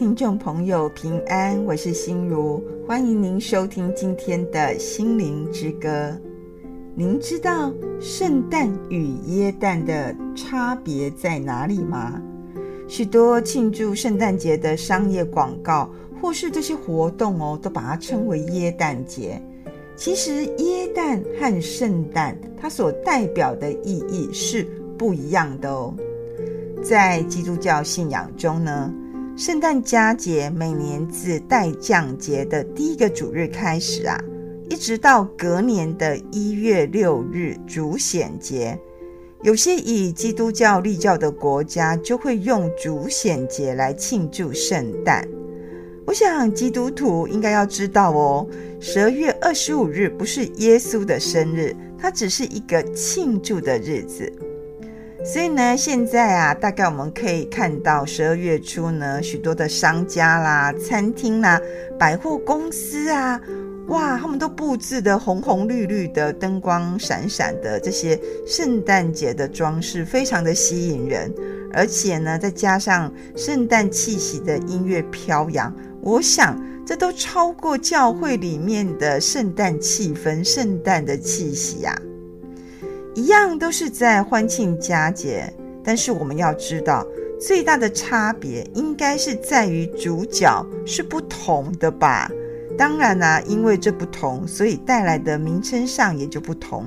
聽眾朋友，平安，我是心如，歡迎您收聽今天的《心靈之歌》。您知道聖誕與耶誕的差別在哪裡嗎？許多慶祝聖誕節的商業廣告或是這些活動哦，都把它稱為耶誕節。其實，耶誕和聖誕它所代表的意義是不一樣的哦。在基督教信仰中呢，聖誕佳節每年自待降節的第一個主日開始啊，一直到隔年的一月六日主顯節，有些以基督教立教的國家就會用主顯節來慶祝聖誕。我想基督徒應該要知道哦，十二月二十五日不是耶穌的生日，它只是一個慶祝的日子。所以呢，現在啊，大概我們可以看到十二月初呢，許多的商家啦、餐廳啦、百貨公司啊，哇，他們都布置得紅紅綠綠的，燈光閃閃的這些聖誕節的裝飾，非常的吸引人。而且呢，再加上聖誕氣息的音樂飄揚，我想這都超過教會裡面的聖誕氣氛、聖誕的氣息呀、啊。一樣都是在歡慶佳節，但是我們要知道，最大的差別應該是在於主角是不同的吧？當然啦、啊，因為這不同，所以帶來的名稱上也就不同。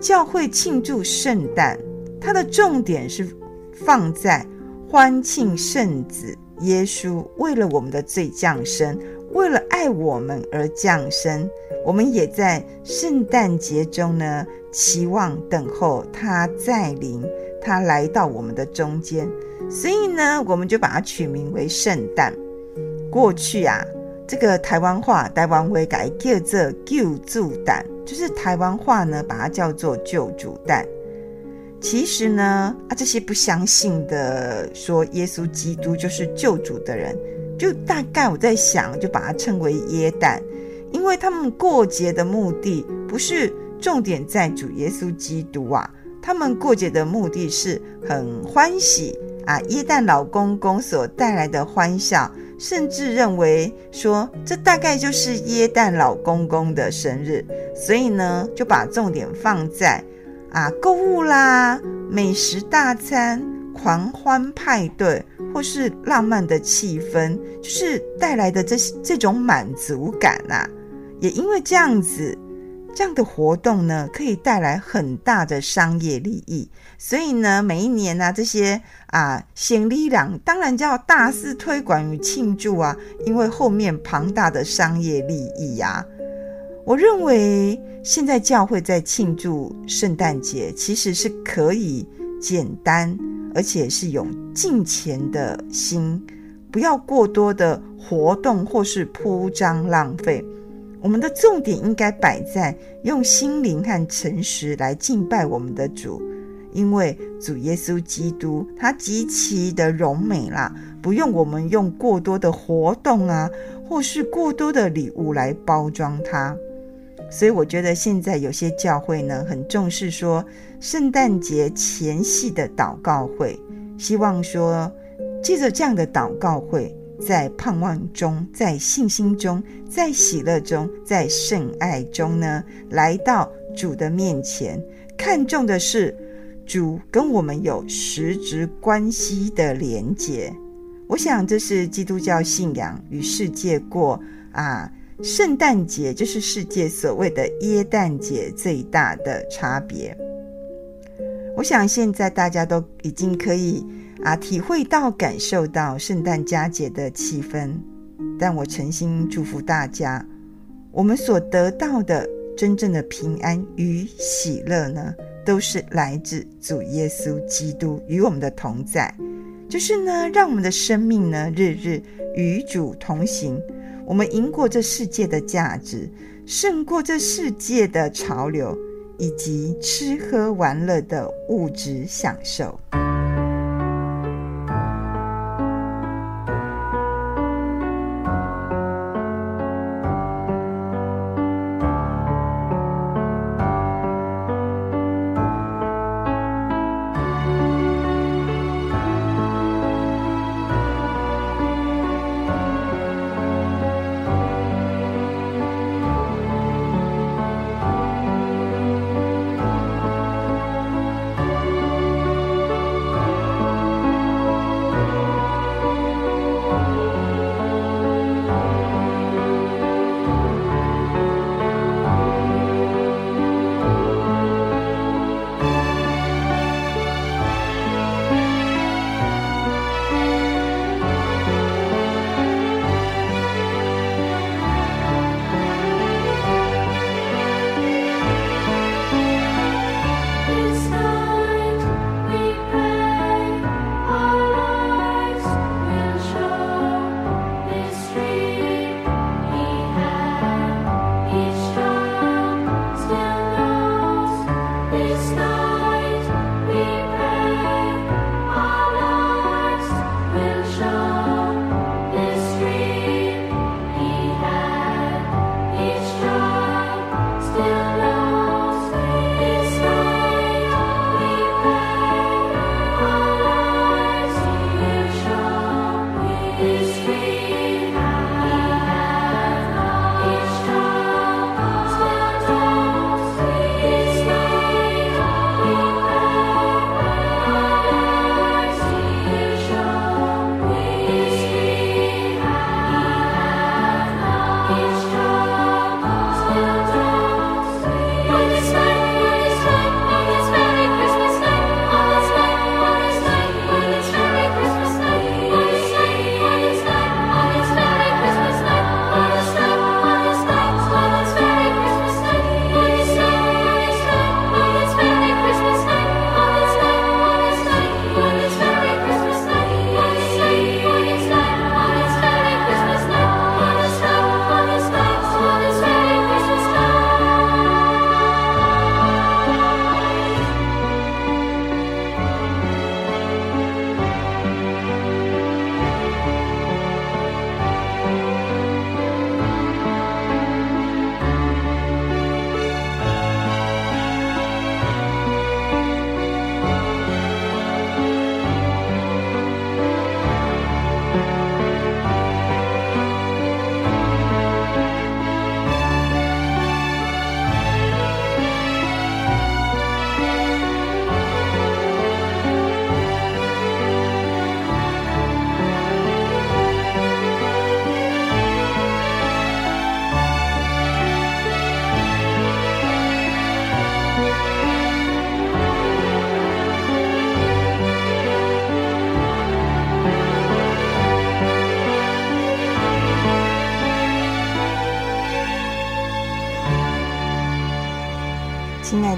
教會慶祝聖誕，它的重點是放在歡慶聖子耶穌為了我們的罪降生。為了愛我們而降生，我們也在聖誕節中呢，期望等候他再臨，他來到我們的中間。所以呢，我們就把它取名為聖誕。過去啊，這個台灣話、台灣會改叫做“救主誕”，就是台灣話呢，把它叫做“救主誕”。其實呢，啊，這些不相信的說耶穌基督就是救主的人。就大概我在想，就把它稱為耶誕，因為他們過節的目的不是重點在主耶穌基督啊，他們過節的目的是很歡喜啊，耶誕老公公所帶來的歡笑，甚至認為說這大概就是耶誕老公公的生日，所以呢就把重點放在啊購物啦、美食大餐，狂歡派對或是浪漫的氣氛，就是帶來的這這種滿足感啊！也因為這樣子，這樣的活動呢，可以帶來很大的商業利益。所以呢，每一年啊，這些啊，先力量當然就要大肆推廣與慶祝啊，因為後面龐大的商業利益啊。我認為現在教會在慶祝聖誕節，其實是可以簡單。而且是有敬虔的心，不要過多的活動或是鋪張浪費。我們的重點應該擺在用心靈和誠實來敬拜我們的主，因為主耶穌基督他極其的榮美啦，不用我們用過多的活動啊，或是過多的禮物來包裝他。所以我覺得現在有些教會呢，很重視說。聖誕節前夕的禱告會，希望說，借着這樣的禱告會，在盼望中，在信心中，在喜樂中，在聖愛中呢，來到主的面前。看重的是主跟我們有實質關係的連結。我想，這是基督教信仰與世界過啊，聖誕節就是世界所謂的耶誕節最大的差別。我想現在大家都已經可以啊體會到感受到聖誕佳節的氣氛，但我誠心祝福大家，我們所得到的真正的平安與喜樂呢，都是來自主耶穌基督與我們的同在，就是呢讓我們的生命呢日日與主同行，我們贏過這世界的價值，勝過這世界的潮流。以及吃喝玩樂的物質享受。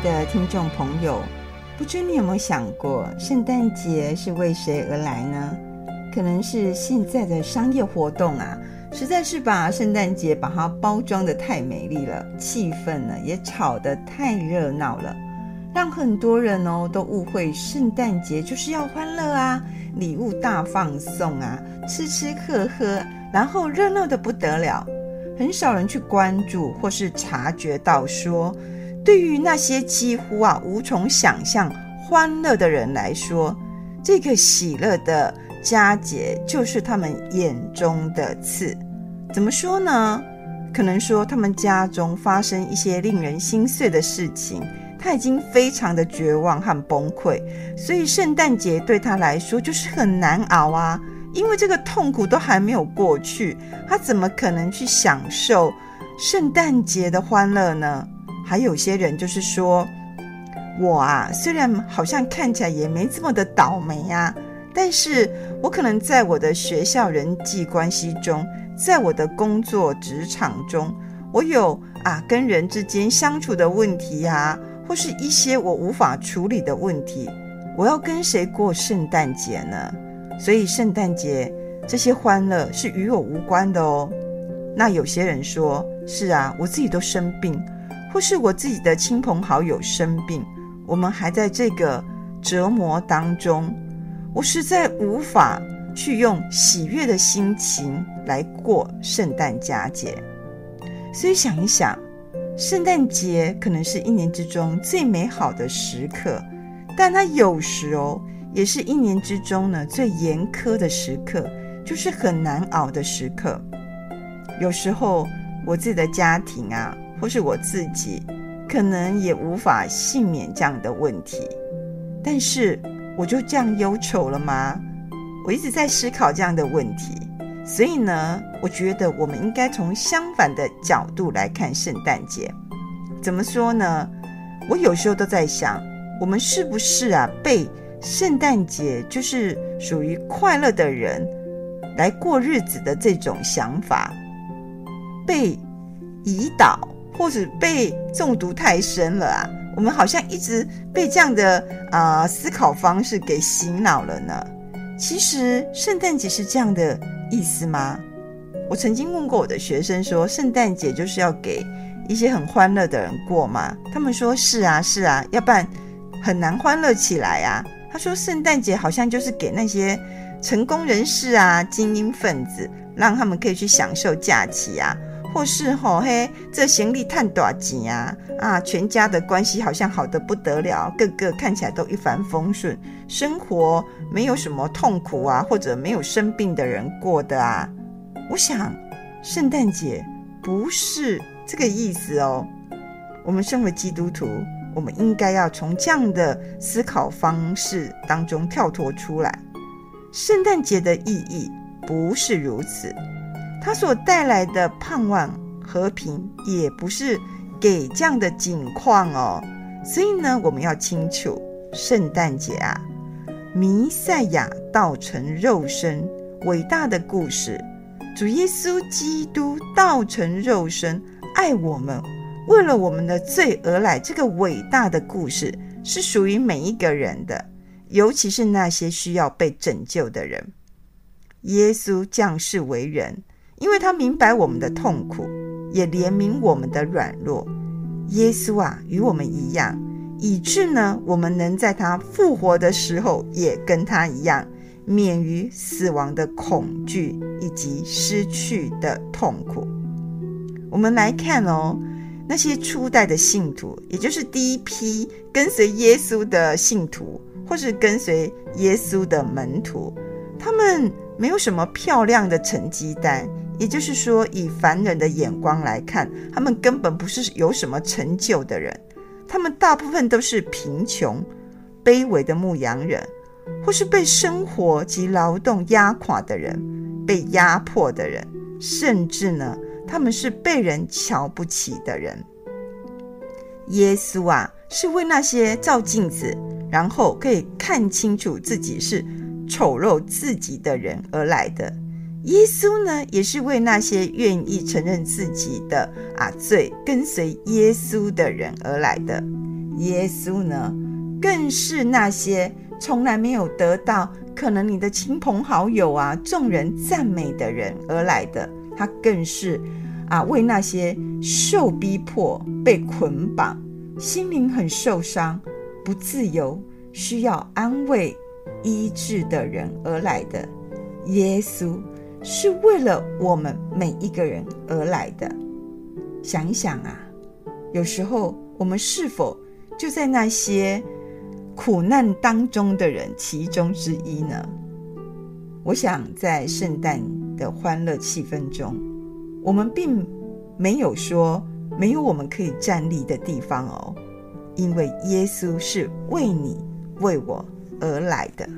的聽眾朋友，不知你有沒有想過，聖誕節是為誰而來呢？可能是現在的商業活動啊，實在是把聖誕節把它包裝得太美麗了，氣氛呢也炒得太熱鬧了，讓很多人哦都誤會聖誕節就是要歡樂啊，禮物大放送啊，吃吃喝喝，然後熱鬧得不得了，很少人去關注或是察覺到說，對於那些幾乎啊無從想象歡樂的人來說，這個喜樂的佳節就是他們眼中的刺。怎麼說呢？可能說他們家中發生一些令人心碎的事情，他已經非常的絕望和崩潰，所以聖誕節對他來說就是很難熬啊。因為這個痛苦都還沒有過去，他怎麼可能去享受聖誕節的歡樂呢？還有些人就是說，我啊，雖然好像看起來也沒這麼的倒霉呀，但是我可能在我的學校人際關係中，在我的工作職場中，我有啊跟人之間相處的問題呀，或是一些我無法處理的問題，我要跟誰過聖誕節呢？所以聖誕節這些歡樂是與我無關的哦。那有些人說是啊，我自己都生病。或是我自己的親朋好友生病，我們還在這個折磨當中，我實在無法去用喜悅的心情來過聖誕佳節。所以想一想，聖誕節可能是一年之中最美好的時刻，但它有時哦，也是一年之中呢最嚴苛的時刻，就是很難熬的時刻。有時候我自己的家庭啊。或是我自己，可能也無法幸免這樣的問題。但是，我就這樣憂愁了嗎？我一直在思考這樣的問題。所以呢，我覺得我們應該從相反的角度來看聖誕節。怎麼說呢？我有時候都在想，我們是不是啊，被聖誕節就是屬於快樂的人來過日子的這種想法，被引導。或者被中毒太深了啊！我們好像一直被這樣的啊、呃、思考方式給洗腦了呢。其實聖誕節是這樣的意思嗎？我曾經問過我的學生說：“聖誕節就是要給一些很歡樂的人過嗎？”他們說：“是啊，是啊，要不然很難歡樂起來啊。”他說：“聖誕節好像就是給那些成功人士啊、精英分子，讓他們可以去享受假期啊。”或是吼、哦、嘿，這行李太多錢啊！啊，全家的關係好像好得不得了，個個看起來都一帆風順，生活沒有什麼痛苦啊，或者沒有生病的人過的啊。我想，聖誕節不是這個意思哦。我們身為基督徒，我們應該要從這樣的思考方式當中跳脫出來。聖誕節的意義不是如此。他所帶來的盼望和平，也不是給這樣的景況哦。所以呢，我們要清楚聖誕節啊，彌賽亞道成肉身，偉大的故事，主耶穌基督道成肉身，愛我們，為了我們的罪而來。這個偉大的故事是屬於每一個人的，尤其是那些需要被拯救的人。耶穌降世為人。因為他明白我們的痛苦，也憐憫我們的軟弱。耶穌啊，與我們一樣，以致呢，我們能在他復活的時候，也跟他一樣，免於死亡的恐懼以及失去的痛苦。我們來看哦，那些初代的信徒，也就是第一批跟隨耶穌的信徒，或是跟隨耶穌的門徒，他們沒有什麼漂亮的成績單。也就是說，以凡人的眼光來看，他們根本不是有什麼成就的人，他們大部分都是貧窮、卑微的牧羊人，或是被生活及勞動壓垮的人、被壓迫的人，甚至呢，他們是被人瞧不起的人。耶穌啊，是為那些照鏡子，然後可以看清楚自己是醜陋自己的人而來的。耶穌呢，也是為那些願意承認自己的啊罪，跟隨耶穌的人而來的。耶穌呢，更是那些從來沒有得到可能你的親朋好友啊、眾人讚美的人而來的。他更是啊，為那些受逼迫，被捆綁，心靈很受傷，不自由，需要安慰、醫治的人而來的。耶穌。是為了我們每一個人而來的。想一想啊，有時候我們是否就在那些苦難當中的人其中之一呢？我想在聖誕的歡樂氣氛中，我們並沒有說沒有我們可以站立的地方哦，因為耶穌是為你、為我而來的。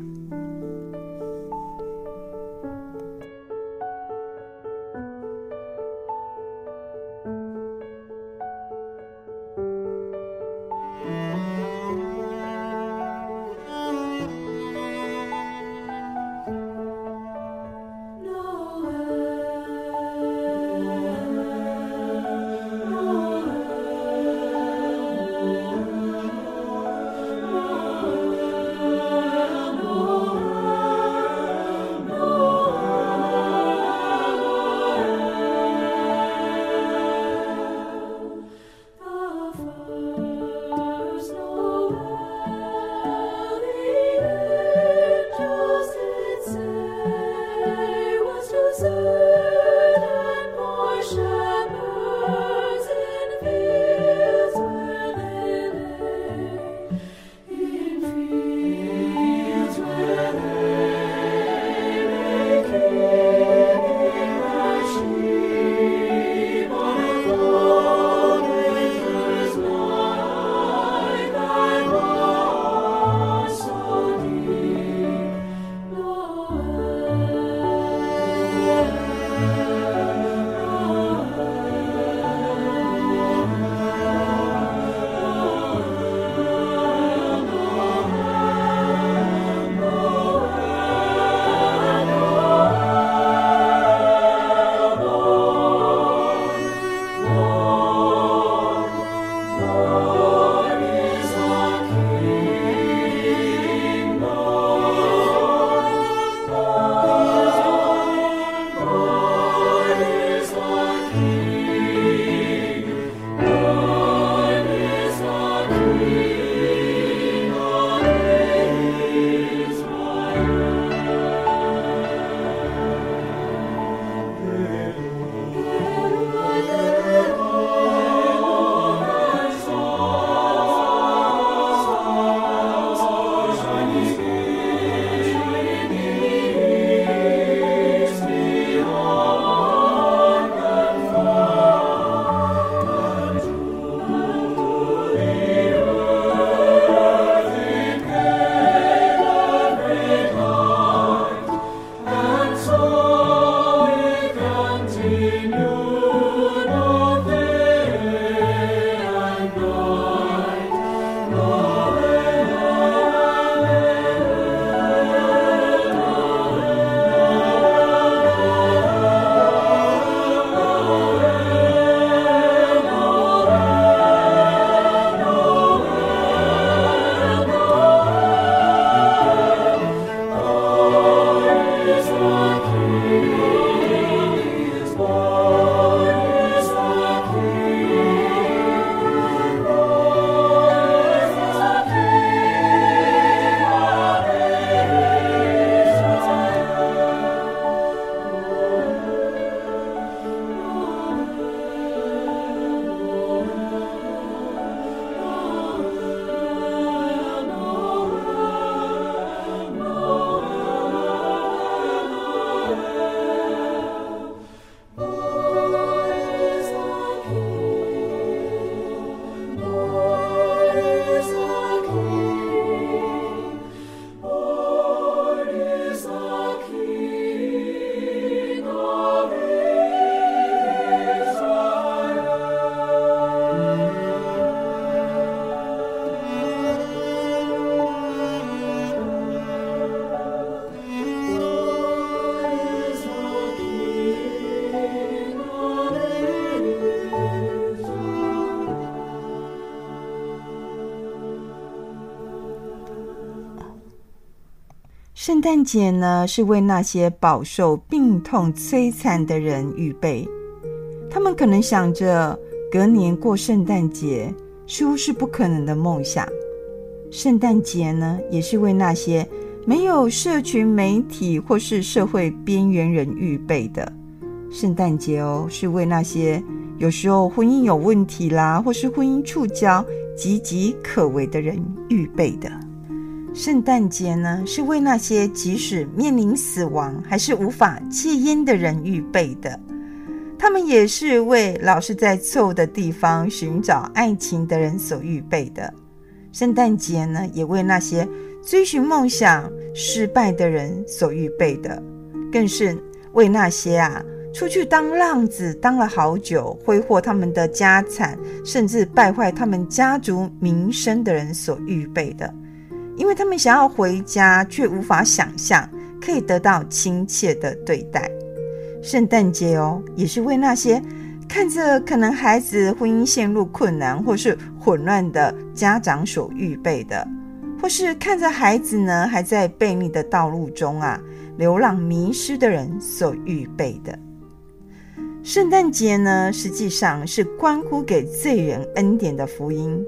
聖誕節呢，是為那些飽受病痛摧殘的人預備。他們可能想着隔年過聖誕節，似乎是不可能的夢想。聖誕節呢，也是為那些沒有社群媒體或是社會邊緣人預備的。聖誕節哦，是為那些有時候婚姻有問題啦，或是婚姻觸礁、岌岌可危的人預備的。聖誕節呢，是為那些即使面臨死亡還是無法戒煙的人預備的；他們也是為老是在錯誤的地方尋找愛情的人所預備的。聖誕節呢，也為那些追尋夢想失敗的人所預備的，更是為那些啊出去當浪子當了好久，揮霍他們的家產，甚至敗壞他們家族名聲的人所預備的。因為他們想要回家，卻無法想象可以得到親切的對待。聖誕節哦，也是為那些看着可能孩子婚姻陷入困難或是混亂的家長所預備的，或是看着孩子呢還在悖逆的道路中啊流浪迷失的人所預備的。聖誕節呢，實際上是關乎給罪人恩典的福音。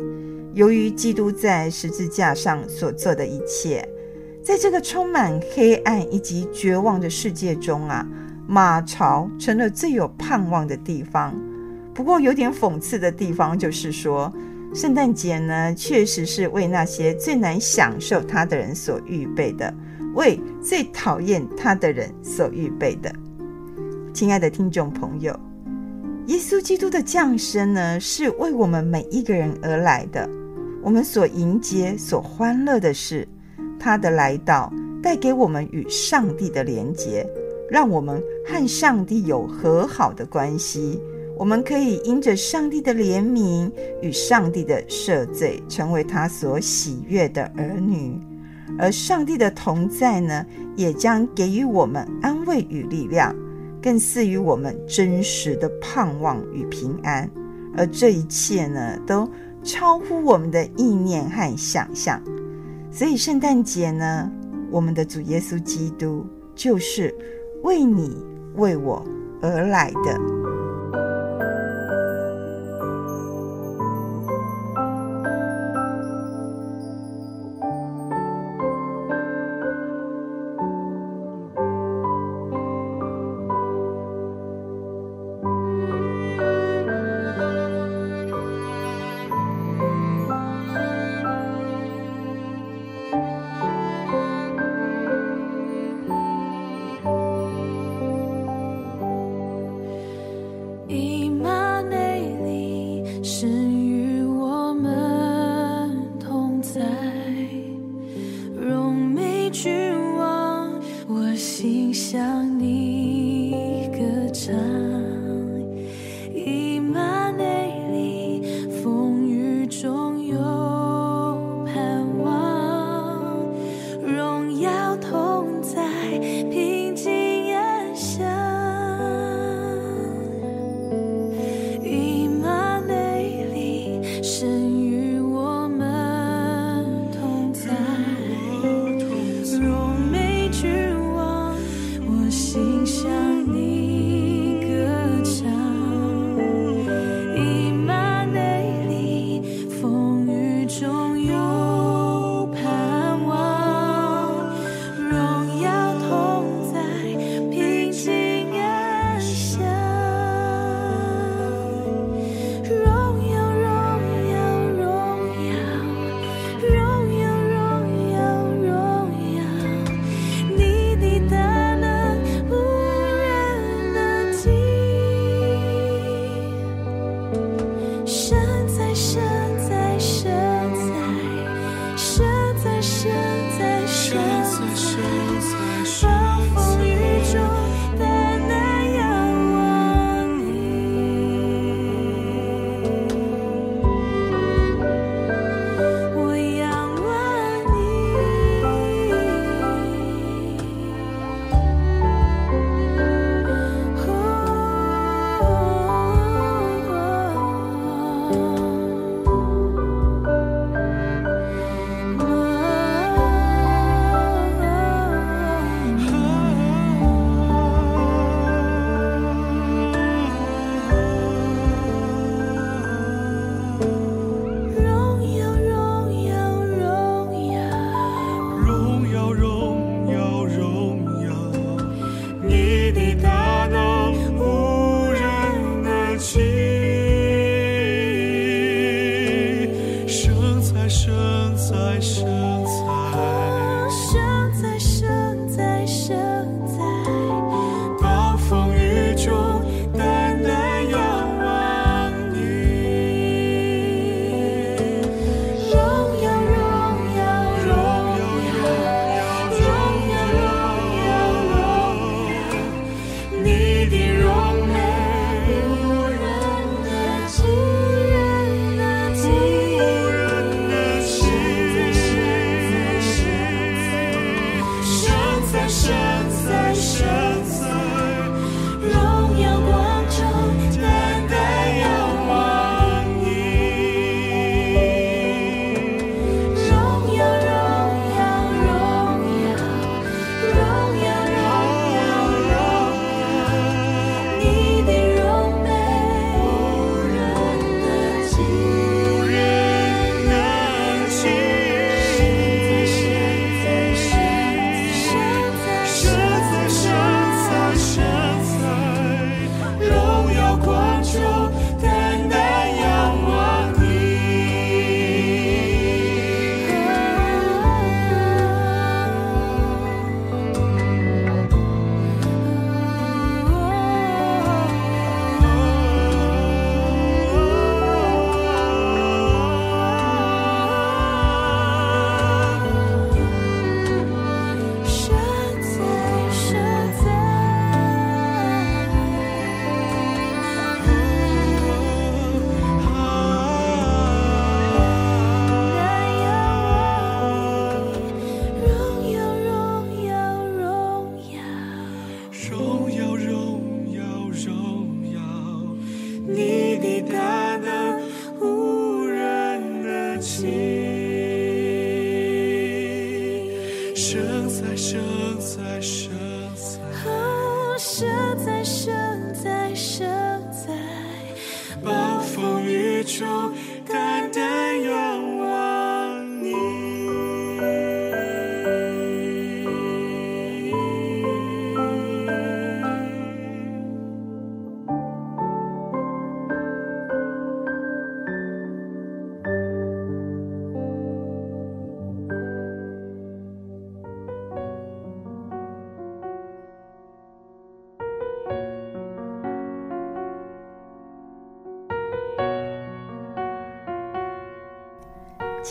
由於基督在十字架上所做的一切，在這個充滿黑暗以及絕望的世界中啊，馬槽成了最有盼望的地方。不過，有點諷刺的地方就是說，聖誕節呢，確實是為那些最難享受他的人所預備的，為最討厭他的人所預備的。親愛的聽眾朋友，耶穌基督的降生呢，是為我們每一個人而來的。我們所迎接、所歡樂的是他的來到，帶給我們與上帝的連結，讓我們和上帝有和好的關係。我們可以因着上帝的憐憫與上帝的赦罪，成為他所喜悅的兒女。而上帝的同在呢，也將給予我們安慰與力量，更賜予我們真實的盼望與平安。而這一切呢，都，超乎我們的意念和想象，所以聖誕節呢，我們的主耶穌基督就是為你、為我而來的。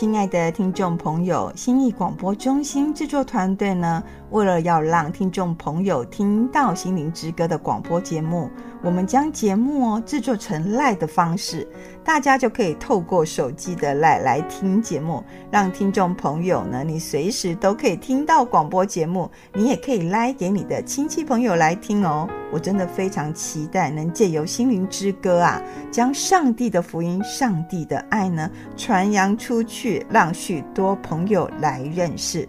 親愛的聽眾朋友，信義廣播中心製作團隊呢，為了要讓聽眾朋友聽到《心靈之歌》的廣播節目，我們將節目哦制作成賴的方式，大家就可以透過手機的賴來聽節目，讓聽眾朋友呢，你隨時都可以聽到廣播節目，你也可以賴給你的親戚朋友來聽哦。我真的非常期待能借由《心靈之歌》啊，將上帝的福音、上帝的愛呢傳揚出去，讓許多朋友來認識。